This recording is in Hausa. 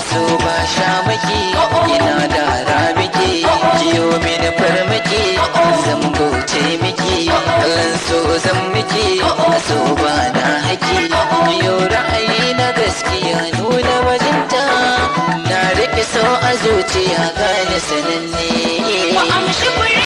so ba shamaki ina da ramiki kiyo mini farmaki zan bauce miki kallon so zan miki so ba na haki biyo ra'ayi na gaskiya nuna bajinta na riƙe so a zuciya gane sananne